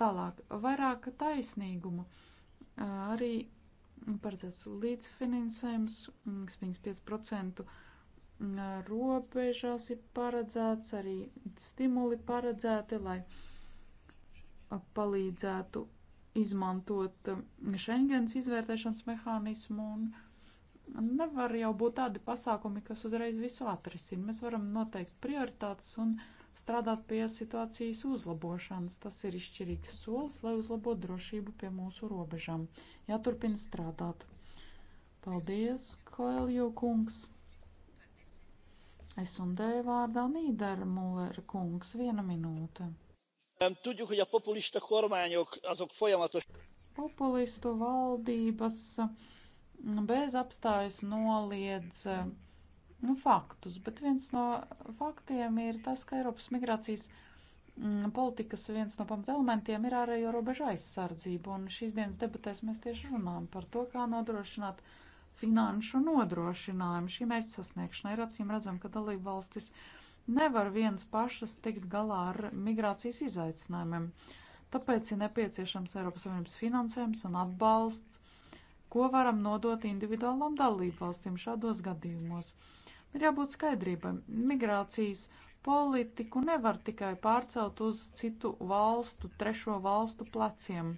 Tālāk, vairāk taisnīguma. Arī paredzēts līdzfinansējums, kas mm, 5% mm, robežās ir paredzēts, arī stimuli paredzēti, lai palīdzētu izmantot mm, Schengens izvērtēšanas mehānismu un nevar jau būt tādi pasākumi, kas uzreiz visu atrisina. Mēs varam noteikt prioritātes un uh, strādāt pie situācijas uzlabošanas. Tas ir izšķirīgs solis, lai uzlabotu drošību pie mūsu robežām. Jāturpina strādāt. Paldies, Koelju kungs! Es un D vārdā Nīdermuller kungs, viena minūte. Tudjuk, hogy a populista kormányok azok folyamatos. Populistu valdības bez apstājas noliedz mm nu, faktus, bet viens no faktiem ir tas, ka Eiropas migrācijas mm, politikas viens no pamatelementiem ir ārējo robežu aizsardzība, un šīs dienas debatēs mēs tieši runājam par to, kā nodrošināt finanšu nodrošinājumu šī mērķa sasniegšanai. Ir acīm redzam, ka dalība valstis nevar viens pašas tikt galā ar migrācijas izaicinājumiem. Tāpēc ir nepieciešams Eiropas Savienības finansējums un atbalsts, ko varam nodot individuālām dalību valstīm šādos gadījumos. Uh, Ir jābūt skaidrībai. Migrācijas politiku nevar tikai pārcelt uz citu valstu, trešo valstu pleciem.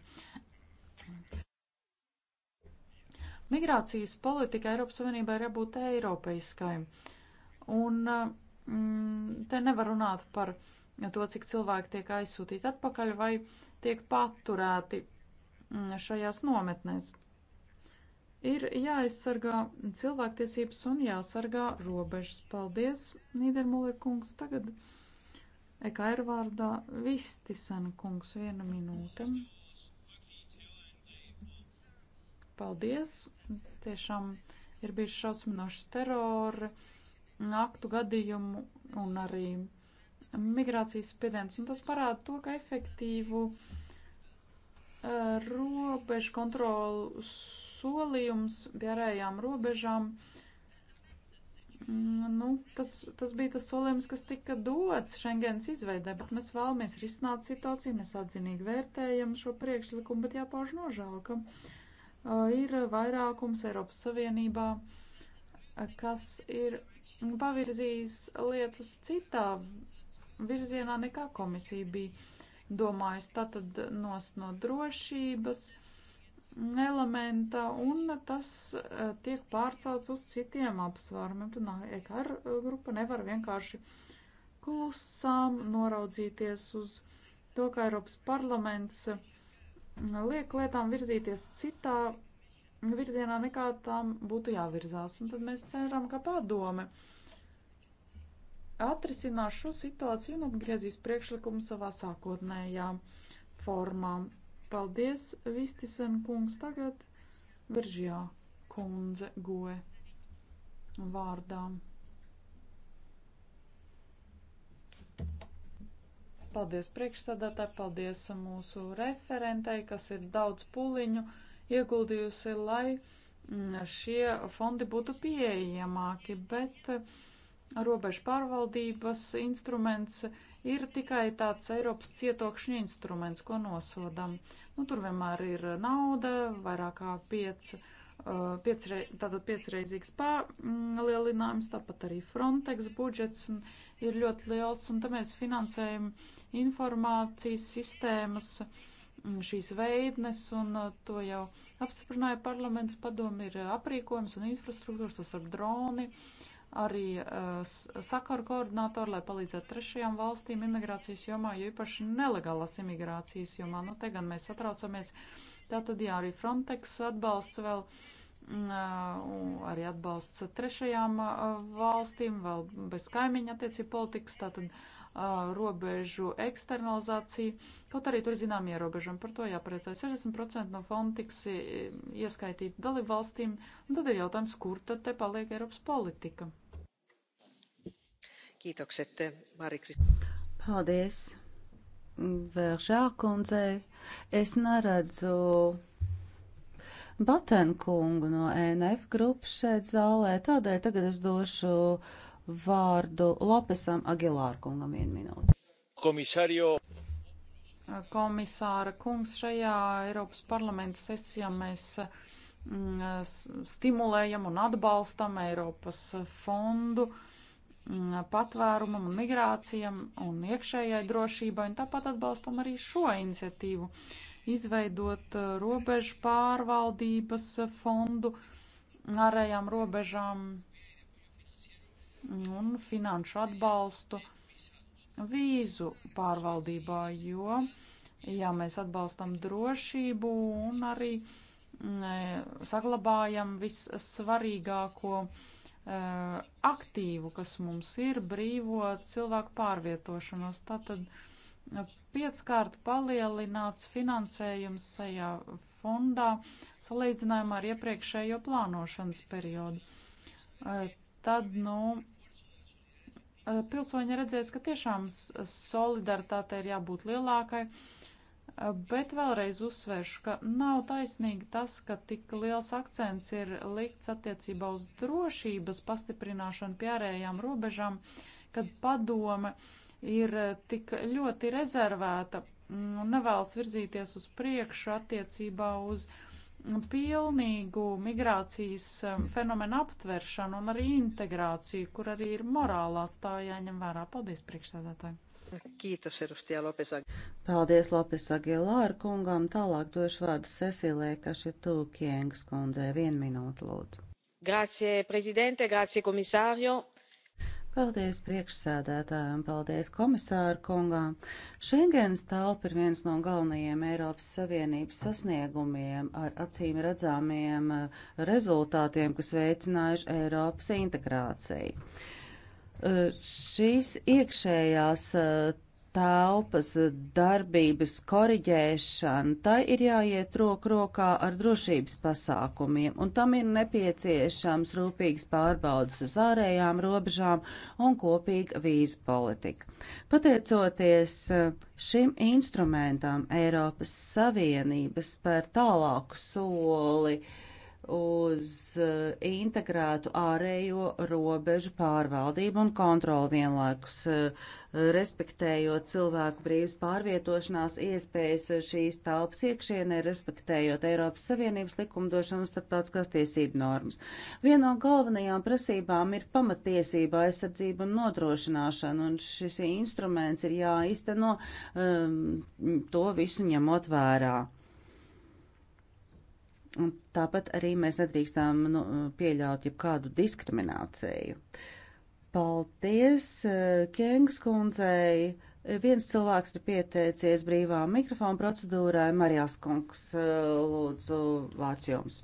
Migrācijas politika Eiropas Savienībā ir jābūt eiropeiskai. Un mm, te nevar runāt par to, cik cilvēki tiek aizsūtīti atpakaļ vai tiek paturēti mm, šajās nometnēs. Ir jāaizsargā cilvēktiesības un jāsargā robežas. Paldies, Nīdermuller kungs. Tagad EKR vārdā Vistisan kungs viena minūte. Paldies. Tiešām ir bijuši šausminoši terori, aktu gadījumu un arī migrācijas spiediens. Un tas parāda to, ka efektīvu uh, robežu kontrolu solījums pie ārējām robežām. Mm, nu, tas, tas bija tas solījums, kas tika dots Schengens izveidē, bet mēs vēlamies risināt situāciju, mēs atzinīgi vērtējam šo priekšlikumu, bet jāpauž nožēla, ka uh, ir vairākums Eiropas Savienībā, kas ir pavirzījis lietas citā virzienā nekā komisija bija domājis. Tātad nos no drošības elementa, un tas e, tiek pārcelts uz citiem apsvērumiem. Tad EKR grupa nevar vienkārši klusām noraudzīties uz to, ka Eiropas parlaments e, liek lietām virzīties citā virzienā, nekā tām būtu jāvirzās. Un tad mēs ceram, ka padome. Uh, atrisinās šo situāciju un atgriezīs priekšlikumu savā sākotnējā formā. Paldies, Vistisen kungs, tagad Viržjā kundze goe vārdā. Paldies priekšsādātāji, paldies mūsu referentei, kas ir daudz puliņu ieguldījusi, lai mm, šie fondi būtu pieejamāki, bet uh, robežu pārvaldības instruments ir tikai tāds Eiropas cietokšņa instruments, ko nosodam. Nu, tur vienmēr ir nauda, vairāk kā piec, uh, piecrei, tātad piecreizīgs palielinājums, tāpat arī Frontex budžets ir ļoti liels, un te mēs finansējam informācijas sistēmas mm, šīs veidnes, un uh, to jau apstiprināja parlaments padomi, ir aprīkojums un infrastruktūras, tas ar droni, uh, arī uh, sakaru koordinātori, lai palīdzētu trešajām valstīm imigrācijas jomā, jo īpaši nelegālās imigrācijas jomā. Nu, te gan mēs satraucamies. Tātad, jā, arī Frontex atbalsts vēl, uh, arī atbalsts trešajām uh, valstīm, vēl bez kaimiņa attiecību politikas, tātad robežu eksternalizācija, kaut arī tur zinām ierobežam, par to jāpareicē 60% no fonda tiks ieskaitīti dalību valstīm, un tad ir jautājums, kur tad te paliek Eiropas politika. Kiitokset, Marikris. Paldies, Vēržā kundzei. Es neredzu Batenkungu no ENF grupas šeit zālē, tādēļ tagad es došu vārdu Lopesam Agilārkungam vienu minūti. Komisārio. Komisāra kungs šajā Eiropas parlamenta sesijā mēs mm, stimulējam un atbalstam Eiropas fondu uh, Mm, patvērumam un migrācijam un iekšējai drošībai, un tāpat atbalstam arī šo iniciatīvu, izveidot uh, robežu pārvaldības uh, fondu ārējām robežām mm, un finanšu atbalstu vīzu pārvaldībā, jo, ja mēs atbalstam drošību un arī mm, saglabājam vissvarīgāko, uh, Eh, aktīvu, kas mums ir, brīvo cilvēku pārvietošanos. Tātad eh, pieckārt palielināts finansējums šajā fondā salīdzinājumā ar iepriekšējo plānošanas periodu. Eh, tad, nu, pilsoņi redzēs, ka tiešām solidaritāte ir jābūt lielākai. Uh, Bet vēlreiz uzsvēršu, ka nav taisnīgi tas, ka tik liels akcents ir likts attiecībā uz drošības pastiprināšanu pie ārējām robežām, kad padome ir tik ļoti rezervēta un nevēlas virzīties uz priekšu attiecībā uz pilnīgu migrācijas um, fenomenu aptveršanu un arī integrāciju, kur arī ir morālā stāja jāņem vērā. Paldies, priekšsēdētāji! Kītos, Erustijā Lopes Agilāra. Paldies Lopes Agilāra kungam. Tālāk došu vārdu Cecilijai Kašitū Kiengas kundzē. Vienu minūtu lūdzu. Grācie, prezidente, grācie, komisārio. Paldies priekšsēdētājiem, paldies komisāru kungām. Šengens telpa ir viens no galvenajiem Eiropas Savienības sasniegumiem ar acīm redzāmiem eh, rezultātiem, kas veicinājuši Eiropas integrāciju. Eh, šīs iekšējās eh, telpas darbības koriģēšana, tai ir jāiet roku rokā ar drošības pasākumiem, un tam ir nepieciešams rūpīgs pārbaudas uz ārējām robežām un kopīga vīzu politika. Pateicoties eh, šim instrumentam, Eiropas Savienības spēr tālāku soli uh, uz eh, integrētu ārējo robežu pārvaldību un kontroli vienlaikus, eh, respektējot cilvēku brīvas pārvietošanās iespējas šīs telpas iekšienē, respektējot Eiropas Savienības likumdošanu un starptautiskās tiesību normas. Viena no galvenajām prasībām ir pamatiesība aizsardzība un nodrošināšana, un šis instruments ir jāizteno um, to visu ņemot vērā. Un tāpat arī mēs nedrīkstām nu, pieļaut jebkādu diskrimināciju. Paldies, eh, Kengs kundzei! Viens cilvēks ir pieteicies brīvā mikrofona procedūrai. Marijas kungs, eh, lūdzu, vārds jums.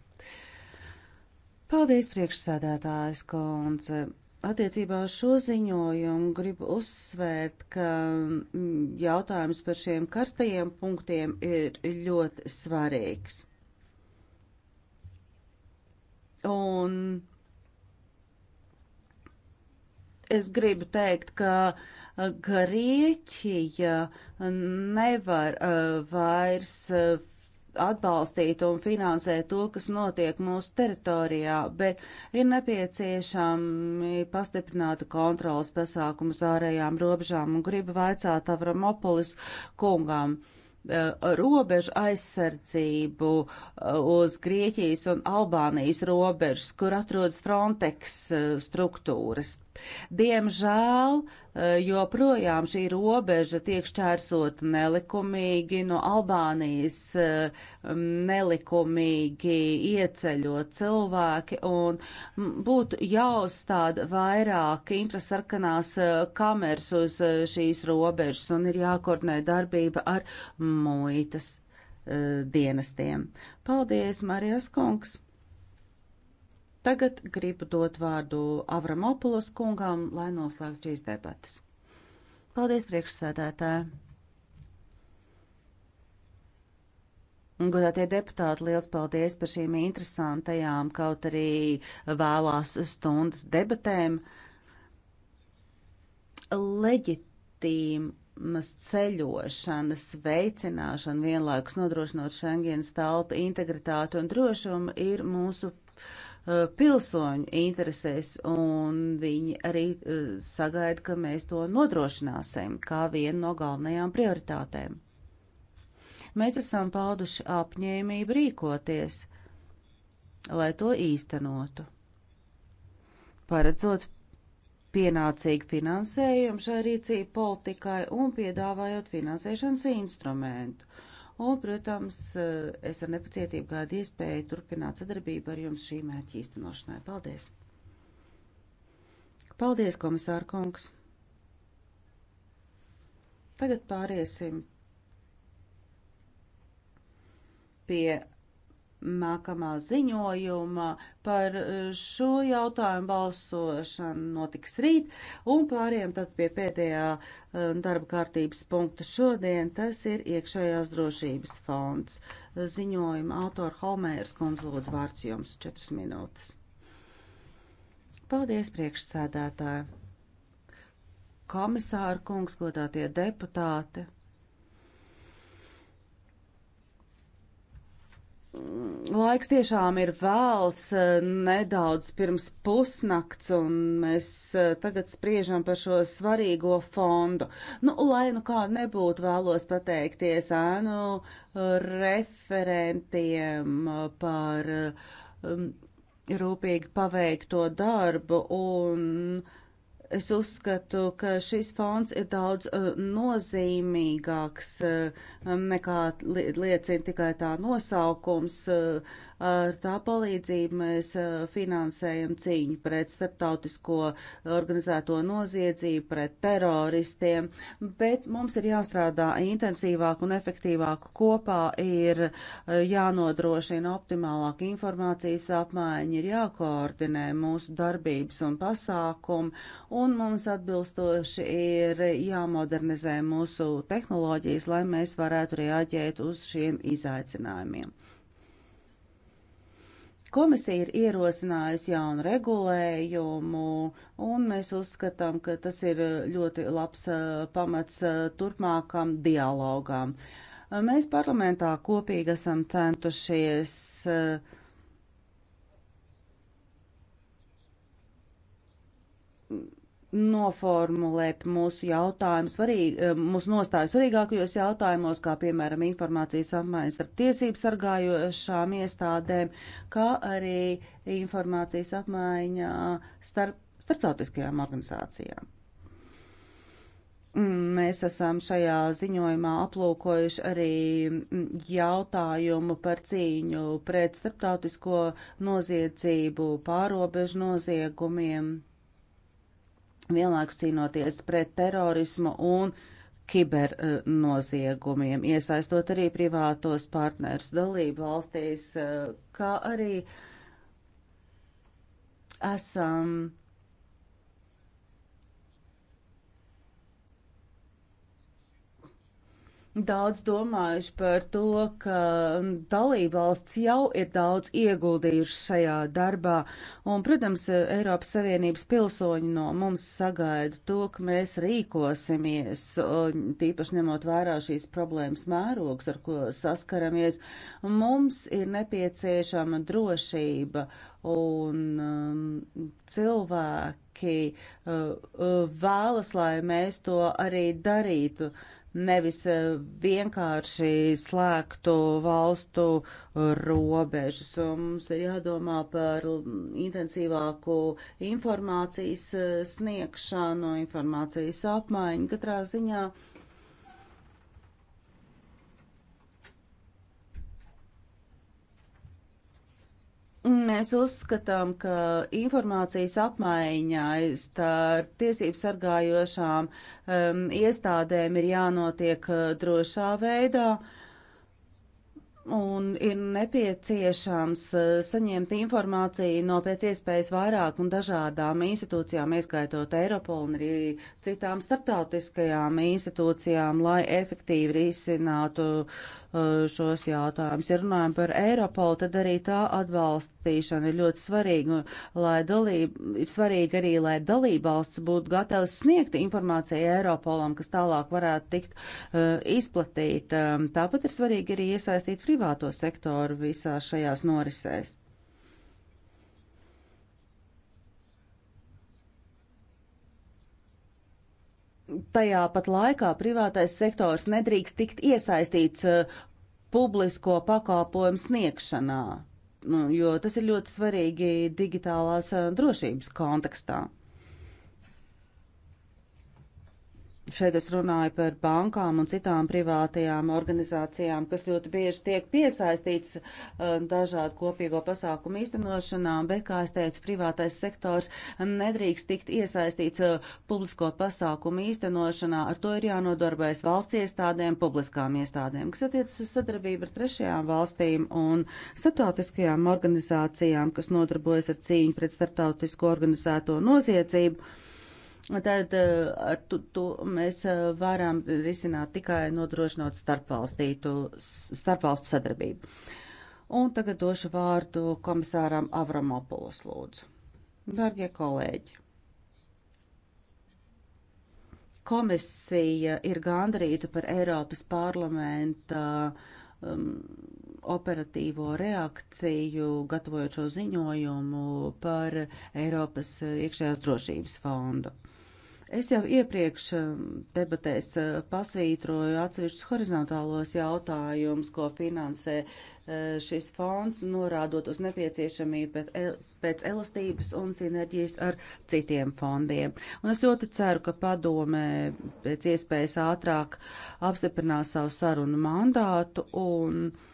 Paldies, priekšsēdētājs kundze! Attiecībā uz šo ziņojumu gribu uzsvērt, ka mm, jautājums par šiem karstajiem punktiem ir ļoti svarīgs. Un es gribu teikt, ka uh, Grieķija nevar uh, vairs uh, atbalstīt un finansēt to, kas notiek mūsu teritorijā, bet ir nepieciešami pastiprināta kontrolas pasākums ārējām robežām un gribu vaicāt Avramopolis kungam. Uh, Eh, robežu aizsardzību eh, uz Grieķijas un Albānijas robežas, kur atrodas Frontex eh, struktūras. Diemžēl uh, Eh, joprojām šī robeža tiek šķērsot nelikumīgi no Albānijas, eh, nelikumīgi ieceļot cilvēki un būtu jāuzstāda vairāk infrasarkanās eh, kameras uz šīs robežas un ir jākoordinē darbība ar muitas dienestiem. Paldies, Marijas kungs! Tagad gribu dot vārdu Avramopulos kungām, lai noslēgtu šīs debatas. Paldies, priekšsēdētāji! Godātie deputāti, liels paldies par šīm interesantajām, kaut arī vēlās stundas debatēm. Leģitīmas ceļošanas veicināšana vienlaikus nodrošinot Schengens telpu integritātu un drošumu ir mūsu Eh, pilsoņu interesēs, un viņi arī eh, sagaida, ka mēs to nodrošināsim kā vienu no galvenajām prioritātēm. Mēs esam pauduši apņēmību rīkoties, lai to īstenotu. Paredzot pienācīgu finansējumu šai rīcību politikai un piedāvājot finansēšanas instrumentu, Un, protams, eh, es ar nepacietību gaidu iespēju turpināt sadarbību ar jums šī mērķa īstenošanai. Paldies! Paldies, komisāra kungs! Tagad pāriesim pie nākamā ziņojuma par uh, šo jautājumu balsošana notiks rīt, un pāriem tad pie pēdējā uh, darba kārtības punkta šodien, tas ir iekšējās drošības fonds. Ziņojuma autora Holmēras konzulūdz vārds jums 4 minūtes. Paldies, priekšsēdētāji! Komisāra kungs, godātie deputāti! laiks tiešām ir vēls, e, nedaudz pirms pusnakts, un mēs e, tagad spriežam par šo svarīgo fondu. Nu, lai nu kā nebūtu, vēlos pateikties ēnu e, referentiem par um, rūpīgi paveikto darbu un uh, Es uzskatu, ka šis fonds ir daudz uh, nozīmīgāks uh, nekā li liecina tikai tā nosaukums. Uh, ar tā palīdzību mēs uh, finansējam cīņu pret starptautisko organizēto noziedzību, pret teroristiem, bet mums ir jāstrādā intensīvāk un efektīvāk kopā, ir uh, jānodrošina optimālāka informācijas apmaiņa, ir jākoordinē mūsu darbības un pasākumi un mums atbilstoši ir jāmodernizē mūsu tehnoloģijas, lai mēs varētu reaģēt uz šiem izaicinājumiem. Komisija ir ierosinājusi jaunu regulējumu, un mēs uzskatām, ka tas ir ļoti labs pamats turpmākam dialogam. Mēs parlamentā kopīgi esam centušies uh, noformulēt mūsu jautājumu, svarīg, eh, mūsu nostāju svarīgākajos jautājumos, kā piemēram informācijas apmaiņas starp tiesību sargājošām iestādēm, kā arī informācijas apmaiņā starp starptautiskajām organizācijām. Mm, mēs esam šajā ziņojumā aplūkojuši arī mm, jautājumu par cīņu pret starptautisko noziedzību, pārobežu noziegumiem vienlaikus cīnoties pret terorismu un kibernoziegumiem, iesaistot arī privātos partners dalību valstīs, kā arī esam daudz domājuši par to, ka dalībvalsts jau ir daudz ieguldījuši šajā darbā, un, protams, Eiropas Savienības pilsoņi no mums sagaida to, ka mēs rīkosimies, tīpaši ņemot vērā šīs problēmas mērogs, ar ko saskaramies. Mums ir nepieciešama drošība, un um, cilvēki uh, uh vēlas, lai mēs to arī darītu. Uh, nevis eh, vienkārši slēgtu valstu robežas. Un mums ir jādomā par intensīvāku informācijas eh, sniegšanu, informācijas apmaiņu katrā ziņā. Uh, Mēs uzskatām, ka informācijas apmaiņai starp tiesību sargājošām um, iestādēm ir jānotiek uh, drošā veidā un ir nepieciešams uh, saņemt informāciju no pēc iespējas vairāk un dažādām institūcijām, ieskaitot Eiropolu un arī citām starptautiskajām institūcijām, lai efektīvi risinātu uh, Uh, šos jautājumus. Ja runājam par Eiropolu, tad arī tā atbalstīšana ir ļoti svarīga, lai dalība, ir svarīga arī, lai dalībvalsts būtu gatavs sniegt informāciju Eiropolam, kas tālāk varētu tikt uh, izplatīta. Um, tāpat ir svarīgi arī iesaistīt privāto sektoru visās šajās norisēs. tajā pat laikā privātais sektors nedrīkst tikt iesaistīts uh, publisko pakalpojumu sniegšanā, nu, jo tas ir ļoti svarīgi digitālās uh, drošības kontekstā. Šeit es runāju par bankām un citām privātajām organizācijām, kas ļoti bieži tiek piesaistīts eh, dažādu kopīgo pasākumu īstenošanām, bet, kā es teicu, privātais sektors nedrīkst tikt iesaistīts eh, publisko pasākumu īstenošanā. Ar to ir jānodarbojas valsts iestādēm, publiskām iestādēm, kas attiecas uz sadarbību ar trešajām valstīm un starptautiskajām organizācijām, kas nodarbojas ar cīņu pret starptautisko organizēto noziedzību tad eh, tu, tu, mēs eh, varam risināt tikai nodrošinot starpvalstu sadarbību. Un tagad došu vārdu komisāram Avramopulus lūdzu. Dargie kolēģi! Komisija ir gandarīta par Eiropas parlamenta um, operatīvo reakciju, gatavojot šo ziņojumu par Eiropas iekšējās drošības fondu. Es jau iepriekš um, debatēs uh, pasvītroju atsevišķus horizontālos jautājumus, ko finansē uh, šis fonds, norādot uz nepieciešamību pēc elastības un sinerģijas ar citiem fondiem. Un es ļoti ceru, ka padome pēc iespējas ātrāk apstiprinās savu sarunu mandātu un uh,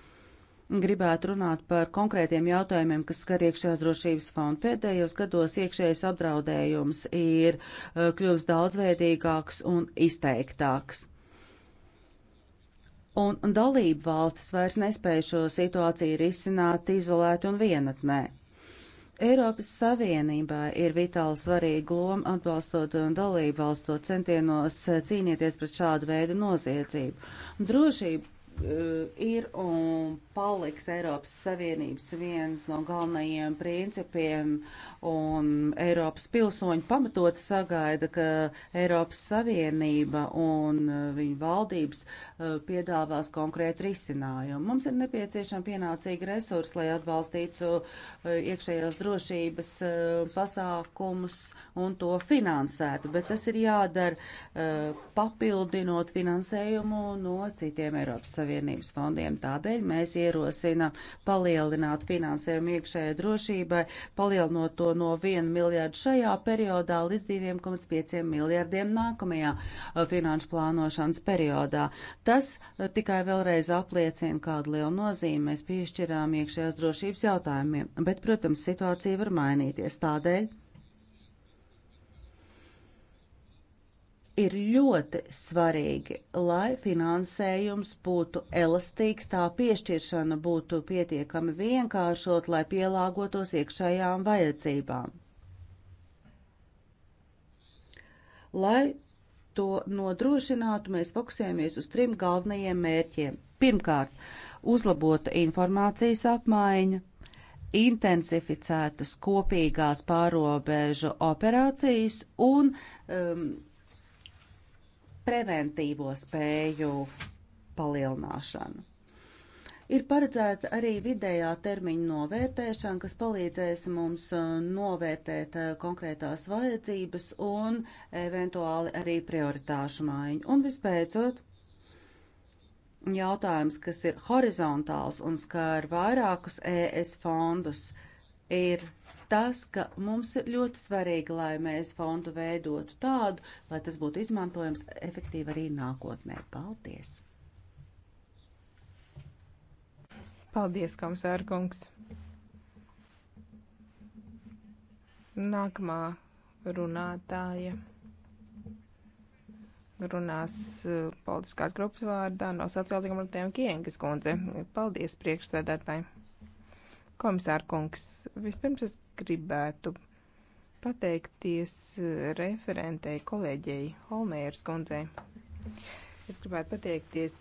gribētu runāt par konkrētiem jautājumiem, kas skar iekšējās drošības fondu. Pēdējos gados iekšējais apdraudējums ir uh, kļuvis daudzveidīgāks un izteiktāks. Un, un dalību valstis vairs nespēja šo situāciju risināt izolēti un vienatnē. Eiropas Savienībā ir vitāli svarīga loma atbalstot un dalību valsto centienos uh, cīnīties pret šādu veidu noziedzību. Drošība Uh, ir un paliks Eiropas Savienības viens no galvenajiem principiem, un Eiropas pilsoņi pamatot sagaida, ka Eiropas Savienība un uh, viņa valdības uh, piedāvās konkrētu risinājumu. Mums ir nepieciešama pienācīga resursa, lai atbalstītu iekšējās drošības pasākumus un to finansētu, bet tas ir jādara papildinot finansējumu no citiem Eiropas Savienības. Savienības fondiem. Tādēļ mēs ierosinām palielināt finansējumu iekšējai drošībai, palielinot to no 1 miljārdu šajā periodā līdz 2,5 miljārdiem nākamajā uh, finanšu plānošanas periodā. Tas uh, tikai vēlreiz apliecina, kādu lielu nozīmi mēs piešķirām iekšējās drošības jautājumiem, bet, protams, situācija var mainīties tādēļ. ir ļoti svarīgi, lai finansējums būtu elastīgs, tā piešķiršana būtu pietiekami vienkāršot, lai pielāgotos iekšējām vajadzībām. Lai to nodrošinātu, mēs fokusējamies uz trim galvenajiem mērķiem. Pirmkārt, uzlabota informācijas apmaiņa, intensificētas kopīgās pārobežu operācijas un um, preventīvo spēju palielināšanu. Ir paredzēta arī vidējā termiņa novērtēšana, kas palīdzēs mums uh, novērtēt uh, konkrētās vajadzības un eventuāli arī prioritāšu maiņu. Un vispēcot, jautājums, kas ir horizontāls un skar vairākus ES fondus, ir tas, ka mums ir ļoti svarīgi, lai mēs fondu veidotu tādu, lai tas būtu izmantojams efektīvi arī nākotnē. Paldies! Paldies, komisārkungs! Nākamā runātāja runās uh, politiskās grupas vārdā no sociāldemokrātiem Kiengas kundze. Paldies priekšsēdētājiem! Komisārkungs, vispirms es gribētu pateikties referentei kolēģei Holmēras kundzei. Es gribētu pateikties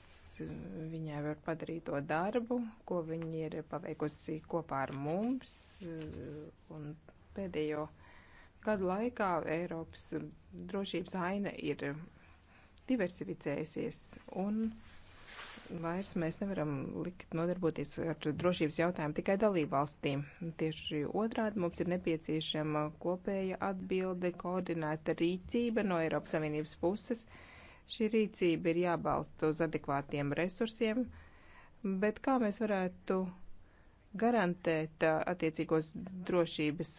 viņai var padarīt to darbu, ko viņa ir paveikusi kopā ar mums. Un pēdējo gadu laikā Eiropas drošības aina ir diversificējusies un vairs mēs nevaram likt nodarboties ar drošības jautājumu tikai dalību valstīm. Tieši otrādi mums ir nepieciešama kopēja atbilde, koordinēta rīcība no Eiropas Savienības puses. Šī rīcība ir jābalsta uz adekvātiem resursiem, bet kā mēs varētu garantēt uh, attiecīgos drošības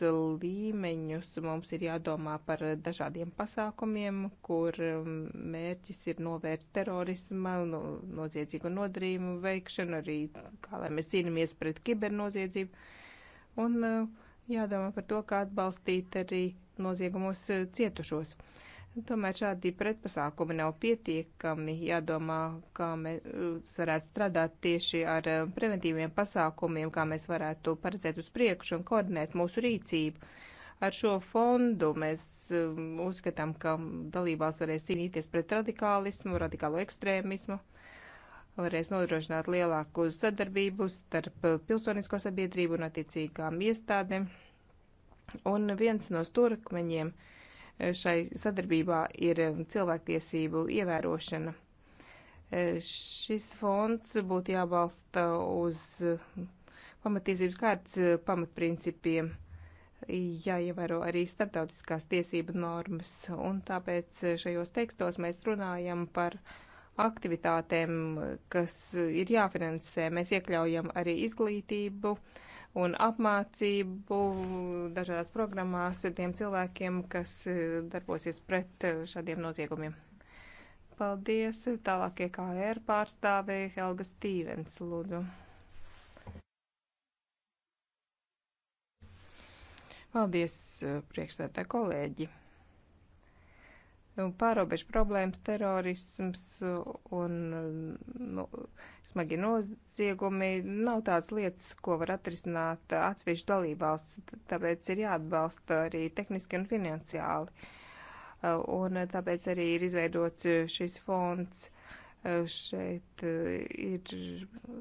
līmeņus, mums ir jādomā par dažādiem pasākumiem, kur um, mērķis ir novērst terorisma, no, noziedzīgu nodarījumu veikšanu, arī kā lai mēs cīnāmies pret kibernoziedzību. Un uh, jādomā par to, kā atbalstīt arī noziegumos cietušos. Uh, Tomēr šādi pretpasākumi nav pietiekami. Jādomā, kā mēs eh, varētu strādāt tieši ar eh, preventīviem pasākumiem, kā mēs varētu paredzēt uz priekšu un koordinēt mūsu rīcību. Ar šo fondu mēs eh, uzskatām, ka dalībās varēs cīnīties pret radikālismu, radikālo ekstrēmismu, varēs nodrošināt lielāku sadarbību starp pilsonisko sabiedrību un attiecīgām iestādēm. Un viens no stūrakmeņiem ir šai sadarbībā ir um, cilvēktiesību ievērošana. E, šis fonds būtu jābalsta uz um, pamatiesības kārtas uh, pamatprincipiem jāievēro arī starptautiskās tiesību normas, un tāpēc uh, šajos tekstos mēs runājam par uh, aktivitātēm, kas ir jāfinansē. Mēs iekļaujam arī izglītību un apmācību dažādās programmās tiem cilvēkiem, kas darbosies pret šādiem noziegumiem. Paldies. Tālāk EKR pārstāvēja Helga Stīvens, lūdzu. Paldies, priekšsētā kolēģi pārobežu problēmas, terorisms un nu, smagi noziegumi nav tādas lietas, ko var atrisināt atsevišķi dalībvalsts, tāpēc ir jāatbalsta arī tehniski un finansiāli. Un tāpēc arī ir izveidots šis fonds. Šeit ir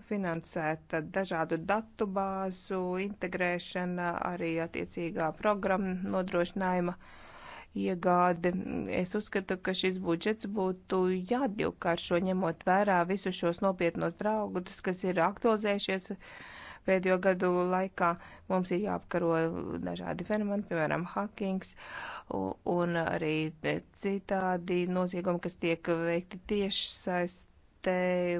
finansēta dažādu datu bāzu integrēšana, arī attiecīgā programma nodrošinājuma. Uh, iegādi. Es uzskatu, ka šis budžets būtu jādivkāršo, ņemot vērā visus šos nopietnos draudus, kas ir aktualizējušies pēdējo gadu laikā mums ir jāapkaro dažādi fenomeni, piemēram, hackings un arī citādi noziegumi, kas tiek veikti tieši saistē.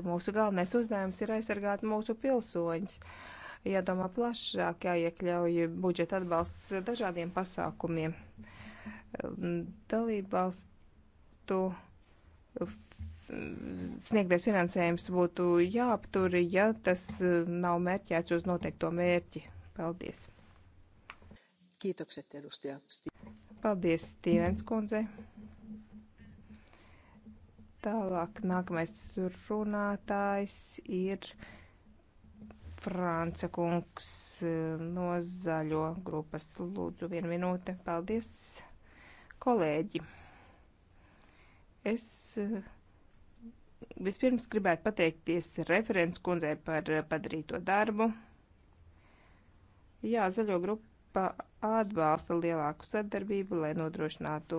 Mūsu galvenais uzdevums ir aizsargāt mūsu pilsoņus. Jādomā plašāk, jāiekļauj budžeta atbalsts dažādiem pasākumiem. Mm dalībvalstu sniegtais finansējums būtu jāaptur, ja tas nav mērķēts uz noteikto mērķi. Paldies! Kiitokset edustaja. Paldies, Stīvens kundze. Tālāk nākamais runātājs ir Franca kungs no zaļo grupas. Lūdzu, vienu minūte. Paldies! Kolēģi, es eh, vispirms gribētu pateikties referents kundzei par eh, padarīto darbu. Jā, zaļo grupa atbalsta lielāku sadarbību, lai nodrošinātu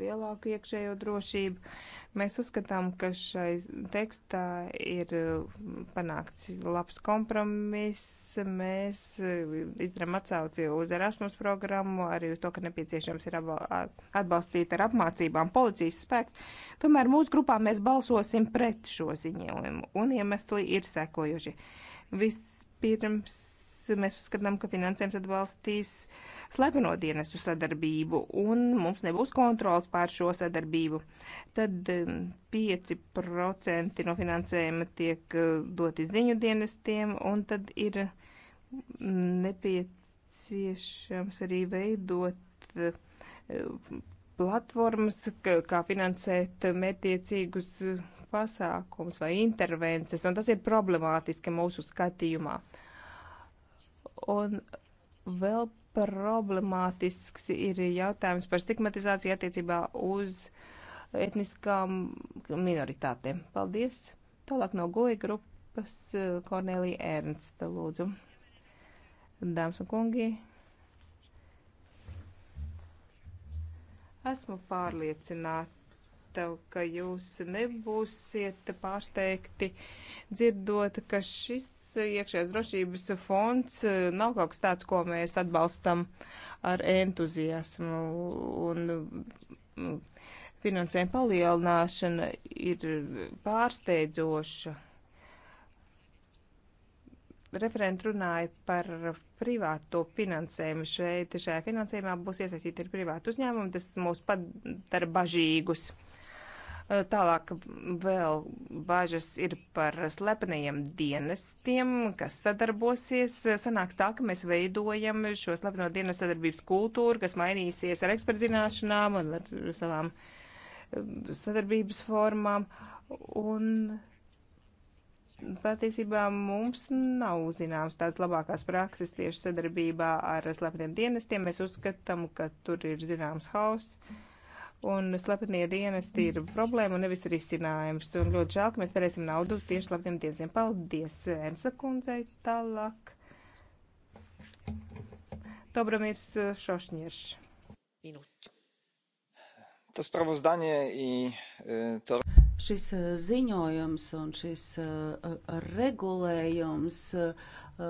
lielāku iekšējo drošību. Mēs uzskatām, ka šai tekstā ir uh, panākts labs kompromiss. Mēs uh, izdarām atsauci uz Erasmus programmu, arī uz to, ka nepieciešams ir atbalstīt ar apmācībām policijas spēks. Tomēr mūsu grupā mēs balsosim pret šo ziņojumu, un iemesli ir sekojuši. Vispirms mēs uzskatām, ka finansējums atbalstīs slepeno dienestu sadarbību un mums nebūs kontrols pār šo sadarbību. Tad 5% um, no finansējuma tiek uh, doti ziņu dienestiem un tad ir mm, nepieciešams arī veidot uh, platformas, kā finansēt mētiecīgus uh, pasākums vai intervences, un tas ir problemātiski mūsu skatījumā. Uh, Un vēl problemātisks ir jautājums par stigmatizāciju attiecībā uz etniskām minoritātēm. Paldies! Tālāk no goja grupas eh, Kornelija Ernsta, lūdzu. Dāmas un kungi, esmu pārliecināta, ka jūs nebūsiet pārsteigti dzirdot, ka šis iekšējās drošības fonds eh, nav kaut kas tāds, ko mēs atbalstam ar entuziasmu. Un mm, finansējuma palielināšana ir pārsteidzoša. Referenti runāja par privāto finansējumu šeit. Šajā finansējumā būs iesaistīti ir privāti uzņēmumi, tas mūs padara bažīgus. Eh, tālāk vēl bāžas ir par slepenajiem dienestiem, kas sadarbosies. Sanāks tā, ka mēs veidojam šo slepeno dienestu sadarbības kultūru, kas mainīsies ar ekspertzināšanām un ar savām eh, sadarbības formām. Un patiesībā mums nav zināms tāds labākās prakses tieši sadarbībā ar slepeniem dienestiem. Mēs uzskatām, ka tur ir zināms hauss un slepenie dienesti ir problēma un nevis risinājums. Un ļoti žēl, ka mēs terēsim naudu tieši slepeniem dienestiem. Paldies, Ensa kundzei, tālāk. Dobramirs Šošņirš. Minūte. Tas pravozdanie i e, to. Šis e, ziņojums un šis e, regulējums uh, E,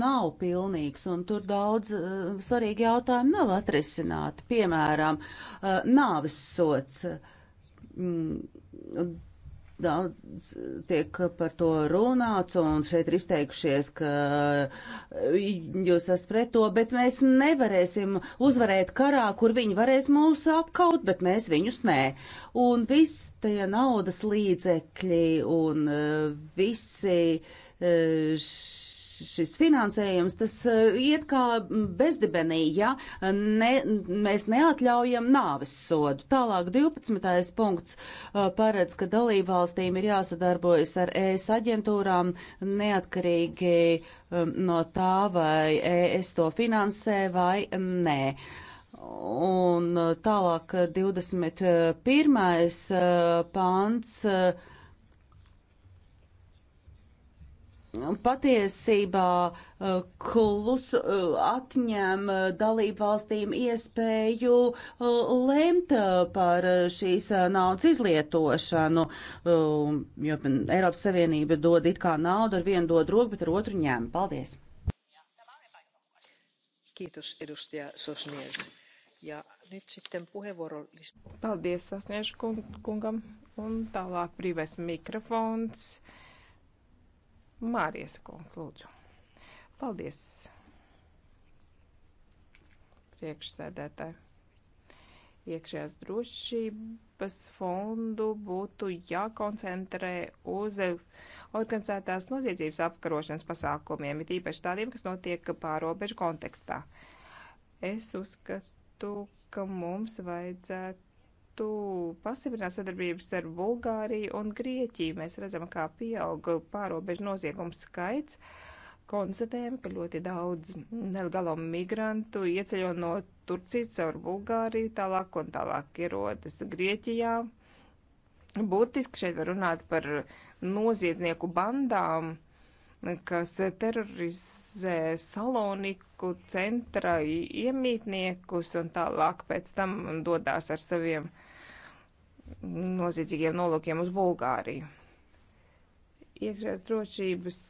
nav pilnīgs, un tur daudz e, svarīgi jautājumi nav atrisināti. Piemēram, e, nāves sots. Mm, daudz tiek par to runāts, un šeit ir izteikušies, ka jūs esat pret to, bet mēs nevarēsim uzvarēt karā, kur viņi varēs mūs apkaut, bet mēs viņus nē. Un viss tie naudas līdzekļi un visi. Uh, šis finansējums, tas eh, iet kā bezdibenī, ja ne, mēs neatļaujam nāves sodu. Tālāk 12. punkts eh, paredz, ka dalībvalstīm ir jāsadarbojas ar ES aģentūrām neatkarīgi eh, no tā, vai ES to finansē vai nē. Un tālāk 21. pāns patiesībā uh, klus uh, atņem uh, dalību valstīm iespēju lemt par šīs naudas izlietošanu, um, jo mm, Eiropas Savienība dod it kā naudu, ar vienu dod roku, bet ar otru ņem. Paldies! Kiitos edustaja Sosniers. Ja nyt sitten puheenvuoro... Paldies Sosniers kungam. Un tālāk brīvais mikrofons. Uh, Mārijas kungs, lūdzu. Paldies, priekšsēdētāji. Iekšējās drošības fondu būtu jākoncentrē uz organizētās noziedzības apkarošanas pasākumiem, it īpaši tādiem, kas notiek pārobežu kontekstā. Es uzskatu, ka mums vajadzētu varētu pastiprināt sadarbības ar Bulgāriju un Grieķiju. Mēs redzam, kā pieaug pārobežu noziegumu skaits. Konstatējam, ka ļoti daudz nelegālo migrantu ieceļo no Turcijas caur Bulgāriju, tālāk un tālāk ierodas Grieķijā. Būtiski šeit var runāt par noziedznieku bandām kas terorizē Saloniku centra iemītniekus un tālāk pēc tam dodās ar saviem noziedzīgiem nolūkiem uz Bulgāriju. Iekšējās drošības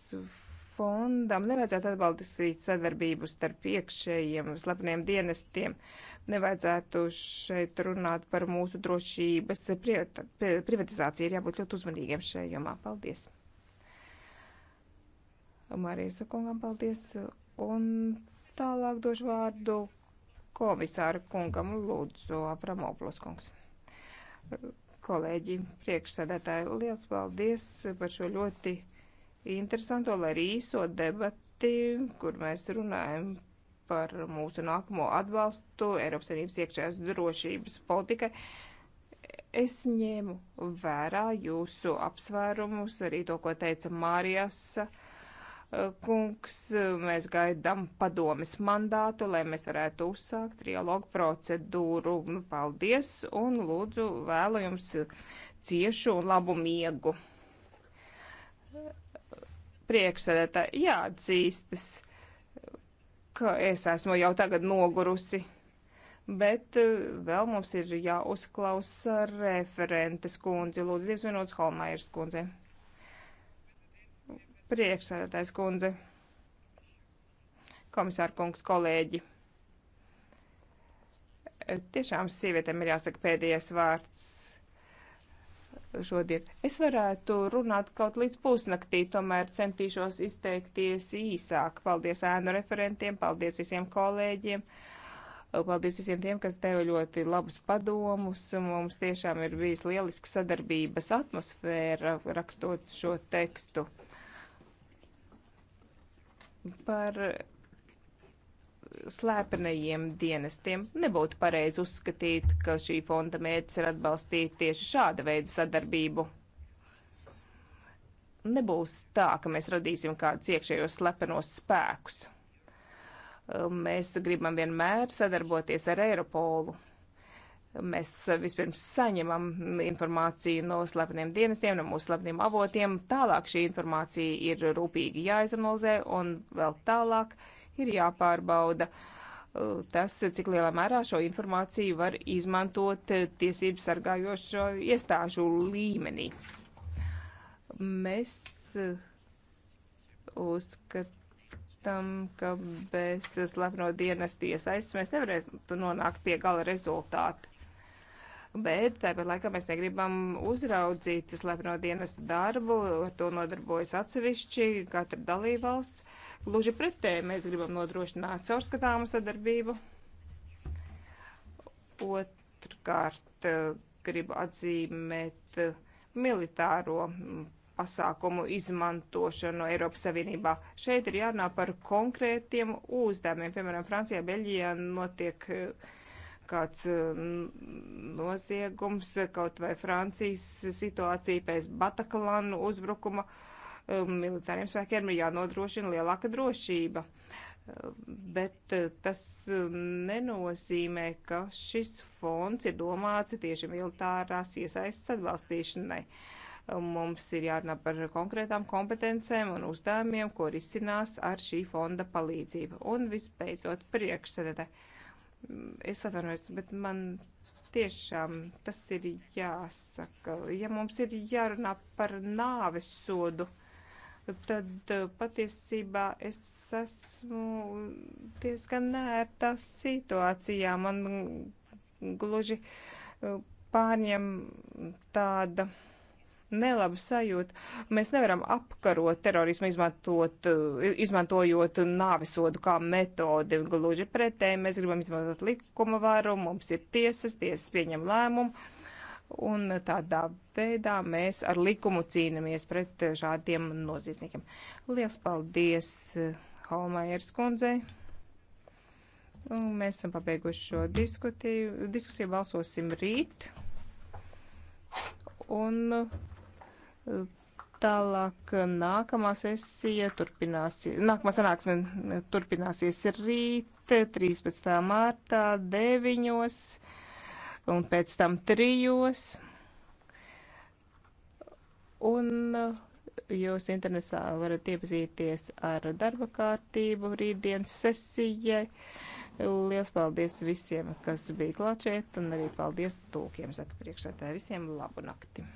fondam nevajadzētu atbalstīt sadarbību starp iekšējiem slepeniem dienestiem. Nevajadzētu šeit runāt par mūsu drošības privatizāciju. Ir jābūt ļoti uzmanīgiem šajā jomā. Paldies! Marijas kungam paldies. Un tālāk došu vārdu komisāra kungam Lūdzu Avramoplos kungs. Kolēģi, priekšsēdētāji, liels paldies par šo ļoti interesanto, lai arī īso debati, kur mēs runājam par mūsu nākamo atbalstu Eiropas Savienības iekšējās drošības politikai. Es ņēmu vērā jūsu apsvērumus, arī to, ko teica Mārijas. Uh, kungs, mēs gaidām padomes mandātu, lai mēs varētu uzsākt trialogu procedūru. Nu, paldies un lūdzu vēlu jums ciešu un labu miegu. Priekšsēdētā jāatzīstas, ka es esmu jau tagad nogurusi, bet eh, vēl mums ir jāuzklausa referentes kundzi. Lūdzu, divas minūtes Holmaiers kundzei. Priekšsēdētājs kundze, komisāra kungs, kolēģi. Tiešām sievietēm ir jāsaka pēdējais vārds šodien. Es varētu runāt kaut līdz pusnaktī, tomēr centīšos izteikties īsāk. Paldies ēnu referentiem, paldies visiem kolēģiem, paldies visiem tiem, kas deva ļoti labus padomus. Mums tiešām ir bijis lieliska sadarbības atmosfēra rakstot šo tekstu par slēpenajiem dienestiem. Nebūtu pareizi uzskatīt, ka šī fonda mērķis ir atbalstīt tieši šāda veida sadarbību. Nebūs tā, ka mēs radīsim kādus iekšējos slepenos spēkus. Mēs gribam vienmēr sadarboties ar Eiropolu Mēs eh, vispirms saņemam informāciju no slepeniem dienestiem, no mūsu slepeniem avotiem. Tālāk šī informācija ir rūpīgi jāizanalizē un vēl tālāk ir jāpārbauda eh, tas, cik lielā mērā šo informāciju var izmantot eh, tiesību sargājošo iestāžu līmenī. Mēs uzskatām uzskatām, ka bez slepeno dienas tiesas mēs nevarētu nonākt pie gala rezultāta. Bet tāpat laikā mēs negribam uzraudzīt slepeno dienestu darbu, ar to nodarbojas atsevišķi katra dalībvalsts. Gluži pretēji mēs gribam nodrošināt caurskatāmu sadarbību. Otrkārt, gribu atzīmēt militāro pasākumu izmantošanu Eiropas Savienībā. Šeit ir jārunā par konkrētiem uzdevumiem. Piemēram, Francijā, Beļģijā notiek uh, kāds eh, noziegums, eh, kaut vai Francijas situācija pēc Bataklanu uzbrukuma eh, militāriem spēkiem ir jānodrošina lielāka drošība. Bet tas nenozīmē, ka šis fonds ir domāts tieši militārās iesaistas atbalstīšanai. Mums ir jārunā par konkrētām kompetencēm un uzdevumiem, ko risinās ar šī fonda palīdzību. Un visbeidzot, priekšsēdētāji Es atvainojos, bet man tiešām tas ir jāsaka. Ja mums ir jārunā par nāves sodu, tad eh, patiesībā es esmu diezgan nērtā situācijā. Man gluži eh, pārņem tāda nelabu sajūtu. Mēs nevaram apkarot terorismu, izmantot, izmantojot nāvisodu kā metodi. Gluži pretēji, mēs gribam izmantot likuma varu, mums ir tiesas, tiesas pieņem lēmumu. Un tādā veidā mēs ar likumu cīnāmies pret šādiem noziedzniekiem. Lielas paldies Holmajers kundzei. Un mēs esam pabeiguši šo diskusiju. Diskusiju balsosim rīt. Un Tālāk nākamā sesija turpināsies, nākamā sanāksme turpināsies rīt 13. martā 9. un pēc tam 3. Un eh, jūs internetā varat iepazīties ar darba kārtību rītdienas sesijai. Lielas paldies visiem, kas bija klāt šeit, un arī paldies tūkiem, saka priekšsētāji. Visiem labu nakti!